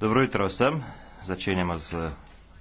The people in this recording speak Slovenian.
dobro jutro vsem začenjamo s plenarno sejo evropskega parlamenta.